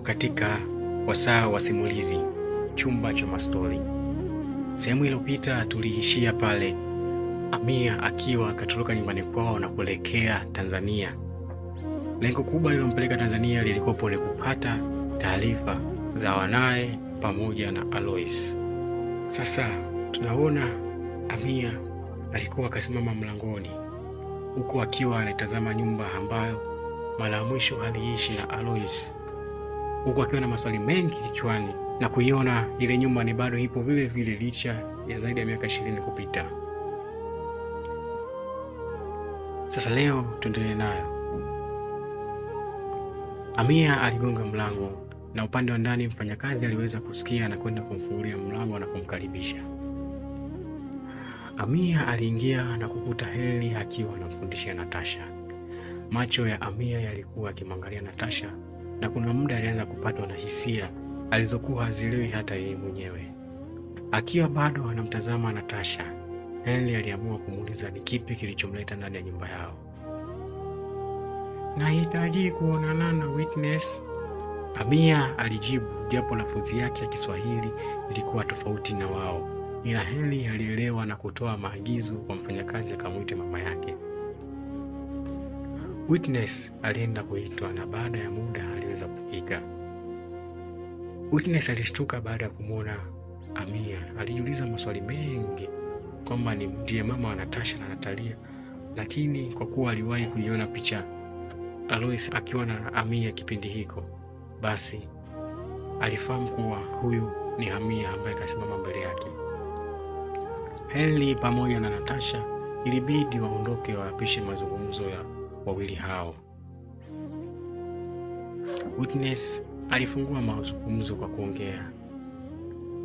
katika wasaa wa simulizi, chumba cha mastori. Sehemu iliyopita tuliishia pale Amia akiwa akatoroka nyumbani kwao na kuelekea Tanzania. Lengo kubwa lilompeleka Tanzania lilikopo ni kupata taarifa za wanaye pamoja na Alois. Sasa tunaona Amia alikuwa akasimama mlangoni huku akiwa anaitazama nyumba ambayo mara ya mwisho aliishi na Alois huku akiwa na maswali mengi kichwani na kuiona ile nyumba ni bado ipo vile vile licha ya zaidi ya miaka ishirini kupita. Sasa leo tuendelee nayo. Amia aligonga mlango na upande wa ndani mfanyakazi aliweza kusikia na kwenda kumfungulia mlango na kumkaribisha. Amia aliingia na kukuta Heli akiwa anamfundisha Natasha. Macho ya Amia yalikuwa akimwangalia Natasha na kuna muda alianza kupatwa na hisia alizokuwa hazielewi hata yeye mwenyewe. Akiwa bado anamtazama Natasha, Henry aliamua kumuuliza ni kipi kilichomleta ndani ya nyumba yao. Nahitaji kuonana na Witness, Amia alijibu, japo lafudhi yake ya Kiswahili ilikuwa tofauti na wao, ila Henry alielewa na kutoa maagizo kwa mfanyakazi akamwite mama yake. Witness alienda kuitwa na baada ya muda aliweza kufika. Witness alishtuka baada ya kumwona Amia. Alijiuliza maswali mengi kwamba ni ndiye mama wa Natasha na Natalia, lakini kwa kuwa aliwahi kuiona picha Alois akiwa na Amia kipindi hiko, basi alifahamu kuwa huyu ni Amia ambaye akasimama mbele yake. Henry pamoja na Natasha ilibidi waondoke waapishe mazungumzo ya wawili hao. Witness alifungua mazungumzo kwa kuongea,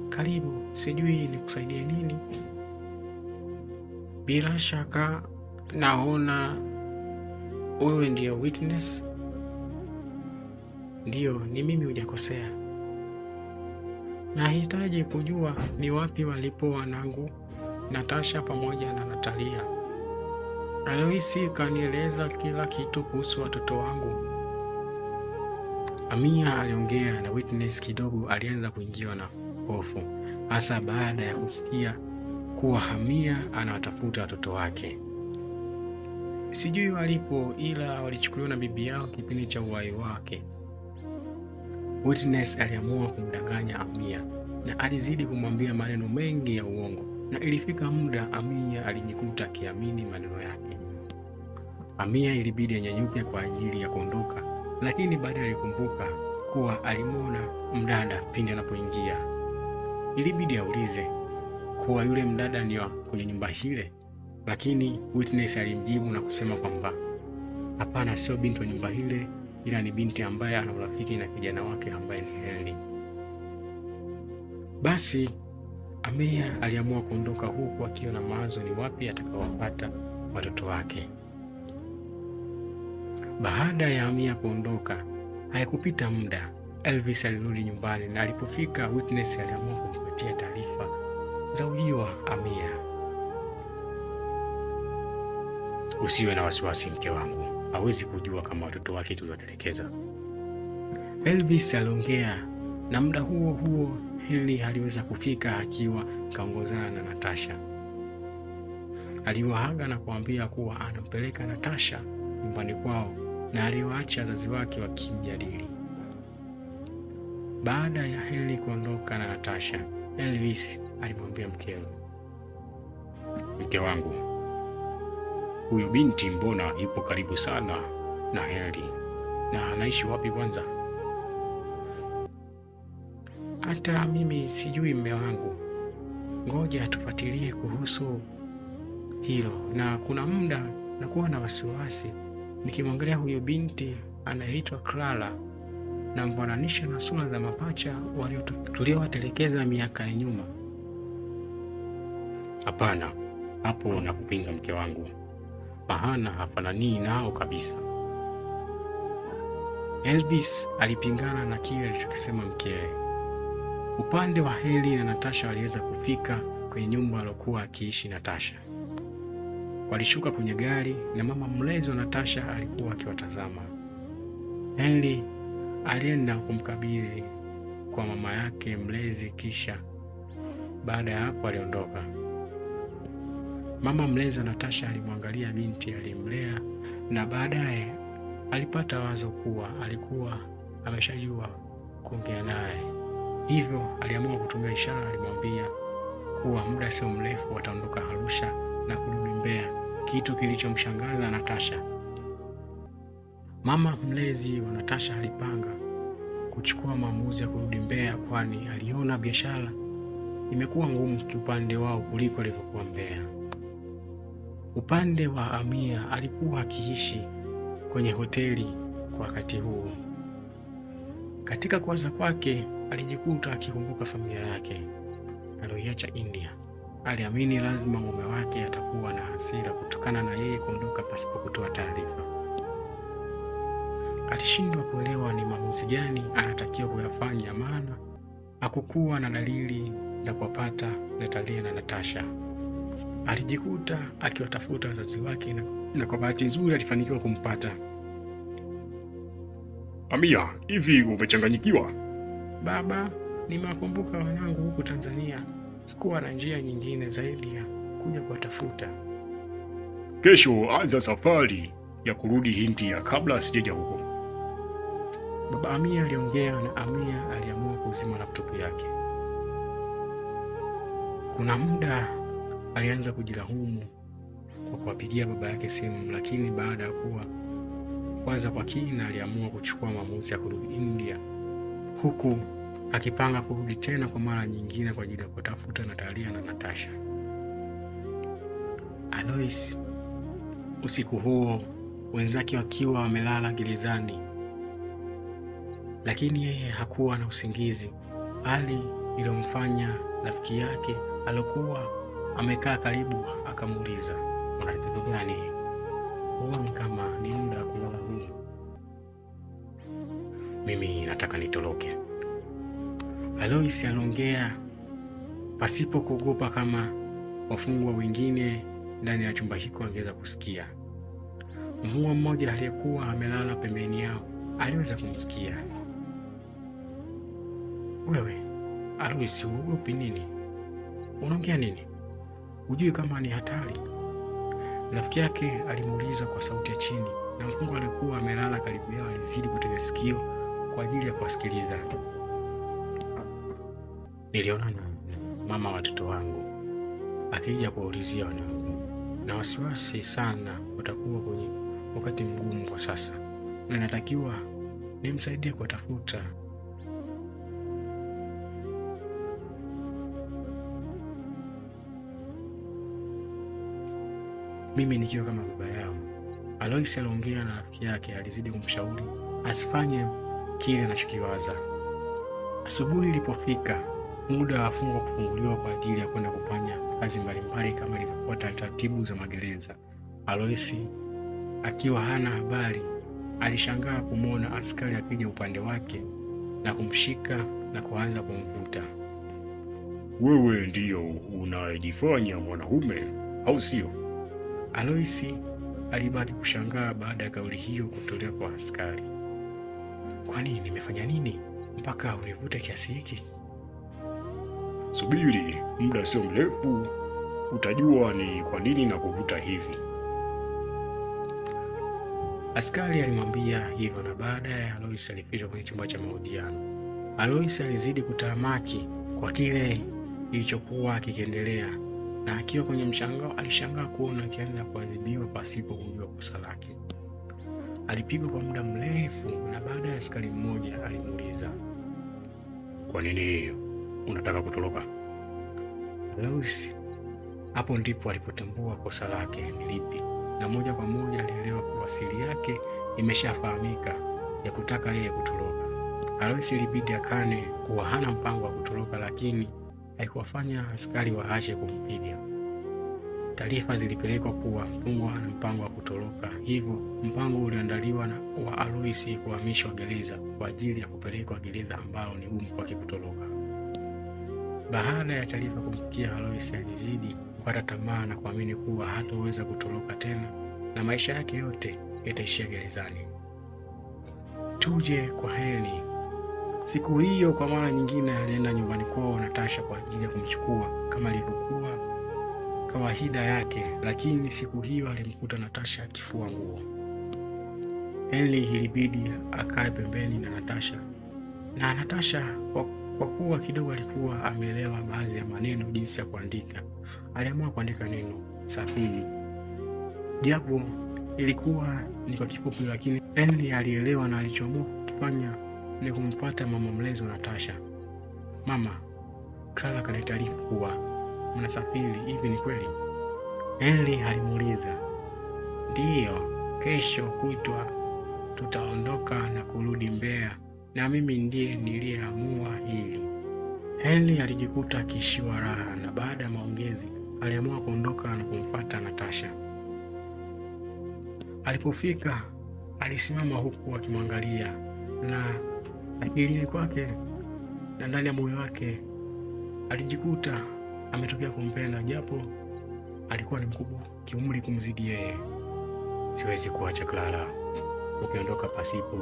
karibu, sijui nikusaidie nini? Bila shaka naona wewe ndiyo Witness. Ndiyo, ni mimi, hujakosea. Nahitaji kujua ni wapi walipo wanangu Natasha pamoja na Natalia. Aloisi kanieleza kila kitu kuhusu watoto wangu. Amia aliongea na Witness kidogo alianza kuingiwa na hofu, hasa baada ya kusikia kuwa Hamia anawatafuta watoto wake. Sijui walipo, ila walichukuliwa na bibi yao kipindi cha uhai wake. Witness aliamua kumdanganya Amia na alizidi kumwambia maneno mengi ya uongo, na ilifika muda Amia alijikuta akiamini maneno yake. Amia ilibidi anyanyuke kwa ajili ya kuondoka lakini baadaye alikumbuka kuwa alimwona mdada pindi anapoingia. Ilibidi aulize kuwa yule mdada ni wa kwenye nyumba hile, lakini Witness alimjibu na kusema kwamba hapana, sio binti wa nyumba hile, ila ni binti ambaye ana urafiki na kijana wake ambaye ni Henry. Basi amea aliamua kuondoka huku akiwa na mawazo ni wapi atakawapata watoto wake. Baada ya amia kuondoka, haikupita muda, Elvis alirudi nyumbani na alipofika, Witness aliamua kumpatia taarifa za ujio wa Amia. Usiwe na wasiwasi, mke wangu hawezi kujua kama watoto wake tuliwatelekeza, Elvis aliongea. Na muda huo huo Henry aliweza kufika akiwa kaongozana na Natasha. Aliwaaga na kuambia kuwa anampeleka Natasha nyumbani kwao na aliwaacha wazazi wake wakimjadili. Baada ya heli kuondoka na Natasha, Elvis alimwambia mkewe, mke wangu, huyu binti mbona yupo karibu sana na heli na anaishi wapi kwanza? Hata mimi sijui, mme wangu, ngoja tufuatilie kuhusu hilo, na kuna muda nakuwa na wasiwasi Nikimwangalia huyo binti anayeitwa Clara namfananisha na sura za mapacha tuliowatelekeza miaka ya nyuma. Hapana, hapo na kupinga mke wangu, mahana hafananii nao kabisa. Elvis alipingana na kile alichokisema mkee Upande wa Heli na Natasha waliweza kufika kwenye nyumba aliokuwa akiishi Natasha. Walishuka kwenye gari na mama mlezi wa Natasha alikuwa akiwatazama. Henry alienda kumkabidhi kwa mama yake mlezi, kisha baada ya hapo aliondoka. Mama mlezi wa Natasha alimwangalia binti alimlea, na baadaye alipata wazo kuwa alikuwa ameshajua kuongea naye, hivyo aliamua kutumia ishara. Alimwambia kuwa muda sio mrefu wataondoka Arusha na kudubembea, kitu kilichomshangaza Natasha. Mama mlezi wa Natasha alipanga kuchukua maamuzi ya kurudi Mbeya, kwani aliona biashara imekuwa ngumu kiupande wao kuliko alivyokuwa Mbeya. Upande wa Amia alikuwa akiishi kwenye hoteli kwa wakati huo. Katika kuwaza kwake, alijikuta akikumbuka familia yake aliyoiacha India aliamini lazima mume wake atakuwa na hasira kutokana na yeye kuondoka pasipo kutoa taarifa. Alishindwa kuelewa ni maamuzi gani anatakiwa kuyafanya, maana hakukuwa na dalili za kuwapata Natalia na Natasha. Alijikuta akiwatafuta wazazi wake na, na kwa bahati nzuri alifanikiwa kumpata. Amia, hivi umechanganyikiwa? Baba, nimewakumbuka wanangu huku Tanzania Sikuwa na njia nyingine zaidi ya kuja kuwatafuta. Kesho anza safari ya kurudi india kabla asijeja huko, baba Amia aliongea, na Amia aliamua kuzima laptop yake. Kuna muda alianza kujilaumu kwa kuwapigia baba yake simu, lakini baada ya kuwa kwanza kwa kina, aliamua kuchukua maamuzi ya kurudi India huku akipanga kurudi tena kwa mara nyingine kwa ajili ya kutafuta Natalia na Natasha. Alois usiku huo, wenzake wakiwa wamelala gerezani, lakini yeye hakuwa na usingizi, hali iliyomfanya rafiki yake aliokuwa amekaa karibu akamuuliza, una tatizo gani? Huoni kama ni muda wa kulala? Mimi nataka nitoroke. Alois aliongea pasipo kuogopa kama wafungwa wengine ndani ya chumba hiko wangeweza kusikia. Mfungwa mmoja aliyekuwa amelala pembeni yao aliweza kumsikia. Wewe Alois, uogopi nini? Unaongea nini? Hujui kama ni hatari? Rafiki yake alimuuliza kwa sauti ya chini, na mfungwa aliyekuwa amelala karibu yao alizidi kutega sikio kwa ajili ya kuwasikiliza. Niliona na mama watoto wangu akija kuwaulizia wanangu, na wasiwasi sana watakuwa kwenye wakati mgumu kwa sasa, na natakiwa nimsaidie kuwatafuta. Mimi nikiwa kama baba yao. Alois aliongea na rafiki yake, alizidi kumshauri asifanye kile anachokiwaza. Asubuhi ilipofika muda wa wafungwa kufunguliwa kwa ajili ya kwenda kufanya kazi mbalimbali kama ilivyokuwa taratibu za magereza. Aloisi akiwa hana habari, alishangaa kumwona askari akija upande wake na kumshika na kuanza kumvuta. Wewe ndiyo unayejifanya mwanaume, au sio? Aloisi alibaki kushangaa baada ya kauli hiyo kutolewa kwa askari. Kwani nimefanya nini mpaka univute kiasi hiki? Subiri muda sio mrefu, utajua ni kwa nini na kuvuta hivi. Askari alimwambia hivyo, na baadaye Alois alifika kwenye chumba cha mahojiano. Alois alizidi kutamaki kwa kile kilichokuwa kikiendelea, na akiwa kwenye mshangao, alishangaa kuona akianza kuadhibiwa pasipo kujua kosa lake. Alipigwa kwa muda mrefu, na baadaye askari mmoja alimuuliza, kwa nini hiyo? unataka kutoroka. Leusi hapo ndipo alipotambua kosa lake ni lipi, na moja kwa moja alielewa kuwa siri yake imeshafahamika ya kutaka yeye kutoroka. Aloisi ilibidi akane kuwa hana mpango wa kutoroka, lakini haikuwafanya askari waache kumpiga. Taarifa zilipelekwa kuwa mfungwa ana mpango wa kutoroka, hivyo mpango uliandaliwa na wa Aloisi kuhamishwa gereza kwa ajili ya kupelekwa gereza ambalo ni gumu kwake kutoroka. Baada ya taarifa kumfikia Alois alizidi kukata tamaa na kuamini kuwa hataweza kutoroka tena na maisha yake yote yataishia gerezani. Tuje kwa heli Siku hiyo kwa mara nyingine alienda nyumbani kwao Natasha kwa ajili ya kumchukua kama ilivyokuwa kawaida yake, lakini siku hiyo alimkuta Natasha akifua nguo. Heli ilibidi akae pembeni na Natasha na Natasha kwa kwa kuwa kidogo alikuwa ameelewa baadhi ya maneno jinsi ya kuandika, aliamua kuandika neno safiri, japo ilikuwa ni kwa kifupi, lakini Henry alielewa na alichoamua kufanya ni kumpata mama mlezi wa Natasha. Mama Clara kanitaarifu kuwa mnasafiri, hivi ni kweli? Henry alimuuliza. Ndiyo, kesho kutwa tutaondoka na kurudi Mbeya na mimi ndiye niliyeamua hili. Henry alijikuta akiishiwa raha, na baada ya maongezi aliamua kuondoka na kumfuata Natasha. Alipofika alisimama huku akimwangalia, na akilini kwake na ndani ya moyo wake alijikuta ametokea kumpenda, japo alikuwa ni mkubwa kiumri kumzidi yeye. Siwezi kuacha Clara ukiondoka pasipo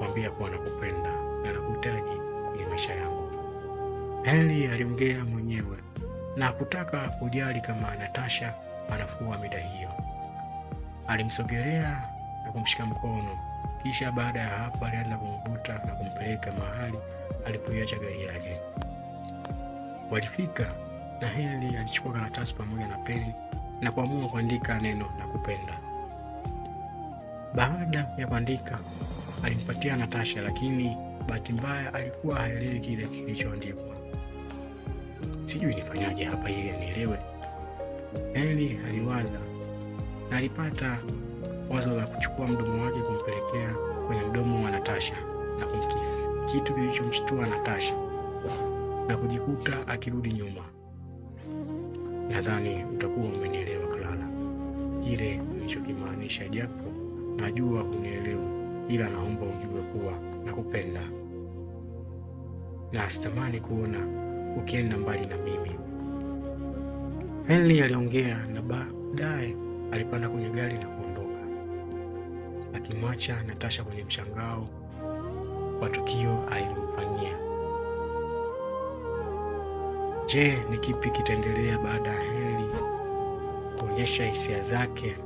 kukwambia kuwa nakupenda na nakuhitaji kwenye maisha yangu. Henry aliongea mwenyewe na kutaka kujali kama Natasha anafua mida hiyo. Alimsogelea na kumshika mkono, kisha baada ya hapo alianza kumvuta na kumpeleka mahali alipoiacha gari yake. Walifika na Henry alichukua karatasi pamoja na peni na kuamua kuandika neno na kupenda. Baada ya kuandika alimpatia Natasha, lakini bahati mbaya alikuwa haelewi kile kilichoandikwa. Sijui nifanyaje hapa ili anielewe, Eli aliwaza, na alipata wazo la kuchukua mdomo wake kumpelekea kwenye mdomo wa Natasha na kumkisi, kitu kilichomshtua Natasha na kujikuta akirudi nyuma. Nadhani utakuwa umenielewa Clara, kile nilichokimaanisha, japo najua unielewa ila naomba ujue kuwa nakupenda na sitamani kuona ukienda mbali na mimi. Henry aliongea na baadaye alipanda kwenye gari na kuondoka, akimwacha Natasha kwenye mshangao wa tukio alilomfanyia. Je, ni kipi kitaendelea baada ya Henry kuonyesha hisia zake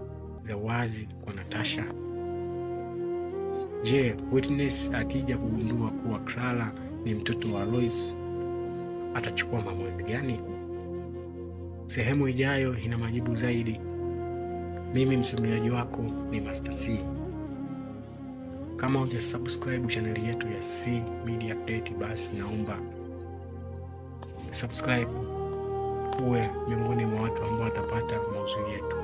za wazi kwa Natasha? Je, Witness akija kugundua kuwa Clara ni mtoto wa Lois atachukua maamuzi gani? Sehemu ijayo ina majibu zaidi. Mimi msimuliaji wako ni Master C. Kama hujasubscribe chaneli yetu ya C Media Update, basi naomba subscribe, uwe miongoni mwa watu ambao watapata mauzuri yetu.